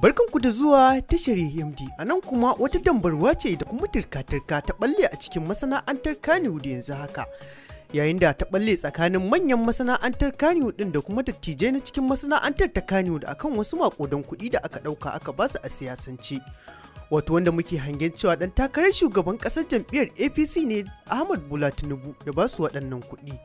Barkanku da zuwa tashar md a nan kuma wata dambarwa ce da kuma turka-turka ta balle a cikin masana'antar Kano da yanzu haka. Yayin da ta balle tsakanin manyan masana'antar Kano din da kuma dattijai na cikin masana'antar ta Kano da akan wasu makodan kuɗi da aka ɗauka aka basu a siyasance. Wato wanda muke hangen cewa dan takarar shugaban ƙasar jam'iyyar APC ne Ahmad Bola Tinubu ya basu waɗannan kuɗi.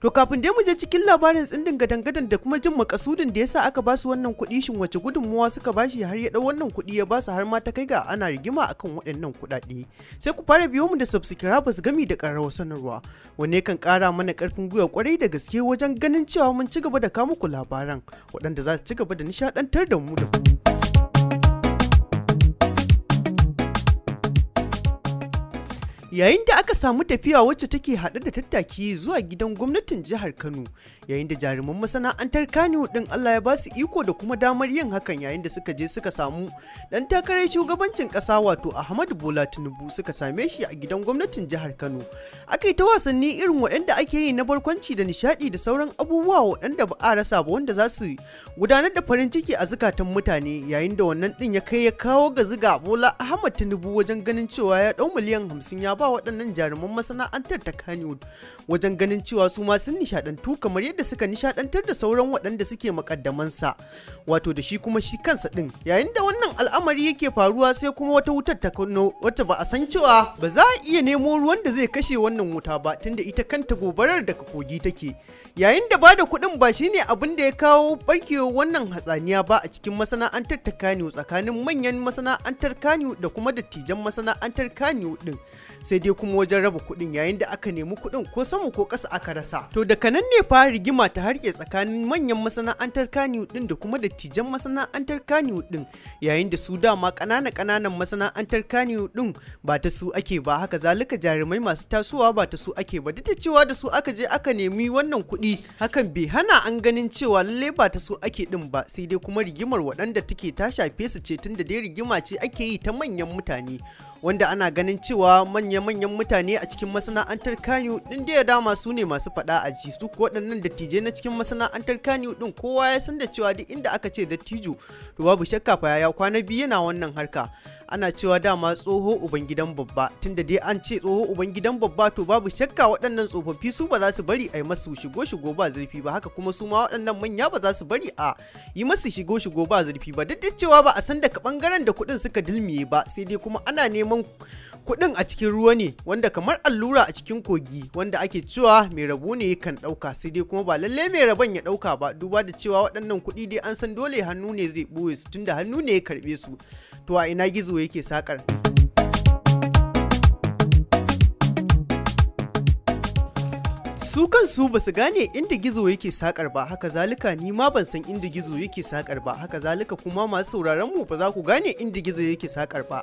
To kafin dai mu je cikin labarin tsindin gadangadan da kuma jin makasudin da yasa aka basu wannan kuɗi shin wace gudunmuwa suka bashi har ya ɗau wannan kuɗi ya basu har ma ta kai ga ana rigima akan waɗannan kuɗaɗe. Sai ku fara biyo mu da subscribers gami da ƙararrawar sanarwa. Wanne kan ƙara mana ƙarfin gwiwa kwarai da gaske wajen ganin cewa mun ci gaba da kawo muku labaran waɗanda za su ci gaba da nishaɗantar da mu da ku. yayin da aka samu tafiya wacce take haɗe da tattaki zuwa gidan gwamnatin jihar kano yayin da jaruman masana'antar kano din allah ya basu iko da kuma damar yin hakan yayin da suka je suka samu dan takarar shugabancin kasa wato ahmadu bola tinubu suka same shi a gidan gwamnatin jihar kano aka yi ta wasanni irin waɗanda ake yi na barkwanci da nishaɗi da sauran abubuwa waɗanda ba a rasa ba wanda za su gudanar da farin ciki a zukatan mutane yayin da wannan din ya kai ya kawo ga ziga bola ahmad tinubu wajen ganin cewa ya ɗau miliyan hamsin ya ba waɗannan jaruman masana'antar ta Kannywood wajen ganin cewa su ma sun nishadantu kamar yadda suka nishadantar da sauran waɗanda suke makaddamansa wato da shi kuma shi kansa ɗin yayin da wannan al'amari yake faruwa sai kuma wata wutar ta kunno wata ba a san cewa ba za a iya nemo ruwan da zai kashe wannan wuta ba tunda ita kanta gobarar daga kogi take yayin da ba da kuɗin ba shine abin da ya kawo barkewar wannan hatsaniya ba a cikin masana'antar ta Kannywood tsakanin manyan masana'antar Kannywood da kuma dattijan masana'antar Kannywood din sai dai kuma wajen raba kuɗin yayin da aka nemi kuɗin ko sama ko ƙasa aka rasa to daga nan ne fara rigima ta harke tsakanin manyan masana'antar kaniwood din da kuma dattijan masana'antar kaniwood din yayin da su dama ƙanana ƙananan masana'antar kaniwood din ba ta su ake ba haka zalika jarumai masu tasowa ba ta su ake ba duk da cewa da su aka je aka nemi wannan kuɗi hakan bai hana an ganin cewa lallai ba ta su ake din ba sai dai kuma rigimar waɗanda take ta shafe su ce tun da dai rigima ce ake yi ta manyan mutane wanda ana ganin cewa manyan manya-manyan mutane a cikin masana'antar kanyu din da ya dama su ne masu faɗa a ji su ko waɗannan dattijai na cikin masana'antar kanyu din kowa ya san da cewa duk inda aka ce dattijo to babu shakka fa ya kwana biyu yana wannan harka ana cewa dama tsoho ubangidan babba tunda dai an ce tsoho ubangidan babba to babu shakka waɗannan tsofaffi su ba za su bari a yi masu shigo shigo ba zurfi ba haka kuma su ma waɗannan manya ba za su bari a yi masu shigo shigo ba zurfi ba duk da cewa ba a san daga bangaren da kuɗin suka dilmiye ba sai dai kuma ana neman Kudin a cikin ruwa ne wanda kamar allura a cikin kogi wanda ake cewa mai rabu ne kan ɗauka sai dai kuma ba lalle mai rabon ya ɗauka ba duba da cewa waɗannan kuɗi dai an san dole hannu ne zai ɓoye su tunda hannu ne ya karɓe su to a ina gizo yake sakar. su kansu ba su gane inda gizo yake sakar ba haka zalika ni ma ban san inda gizo yake sakar ba haka zalika kuma masu sauraron mu ba za ku gane inda gizo yake sakar ba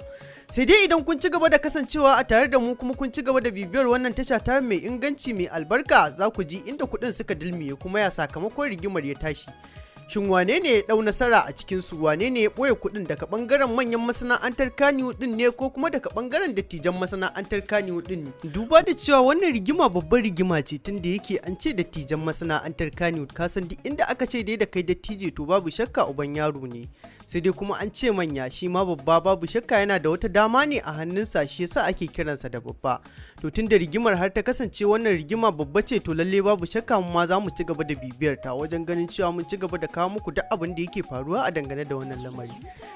sai dai idan kun ci gaba da kasancewa a tare da mu kuma kun ci gaba da bibiyar wannan tasha ta mai inganci mai albarka za ku ji inda kuɗin suka dilmiye kuma ya sakamakon rigimar ya tashi shin wane ne ya dau nasara a cikin su wane ne ya boye kuɗin daga bangaren manyan masana'antar kaniwu din ne ko kuma daga bangaren dattijan masana'antar kaniwu din duba da cewa wannan rigima babbar rigima ce tun da yake an ce dattijan masana'antar kaniwu kasan duk inda aka ce dai da kai dattije to babu shakka uban yaro ne sai dai kuma an ce manya shi ma babba babu shakka yana da wata dama ne a hannunsa shi yasa ake kiransa da babba to tun da rigimar har ta kasance wannan rigima babba ce to lalle babu shakka mu ma za mu ci gaba da bibiyar ta wajen ganin cewa mun ci gaba da kawo muku duk abin da yake faruwa a dangane da wannan lamari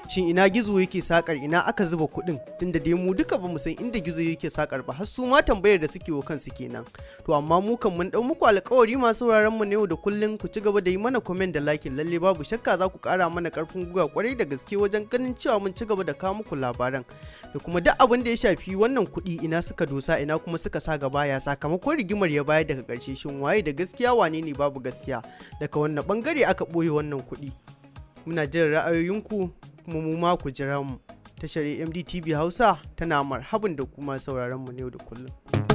shin ina gizo yake sakar ina aka zuba kuɗin da dai mu duka ba mu san inda gizo yake sakar ba har su ma tambayar da suke wa kansu kenan to amma mu kan mun dau muku alƙawari masu wuraren mu ne yau da kullun ku ci gaba da yi mana comment da like lalle babu shakka za ku ƙara mana ƙarfin gwiwa kwarai da gaske wajen ganin cewa mun ci gaba da kawo muku labaran da kuma duk abin da ya shafi wannan kuɗi ina suka dosa ina kuma suka sa gaba ya sakamakon rigimar ya bayar daga ƙarshe shin waye da gaskiya wane ne babu gaskiya daga wannan bangare aka ɓoye wannan kuɗi muna jin ra'ayoyinku kuma mu ma ku jira mu tashar mdtv hausa tana marhabin da kuma sauraron mu ne da kullum.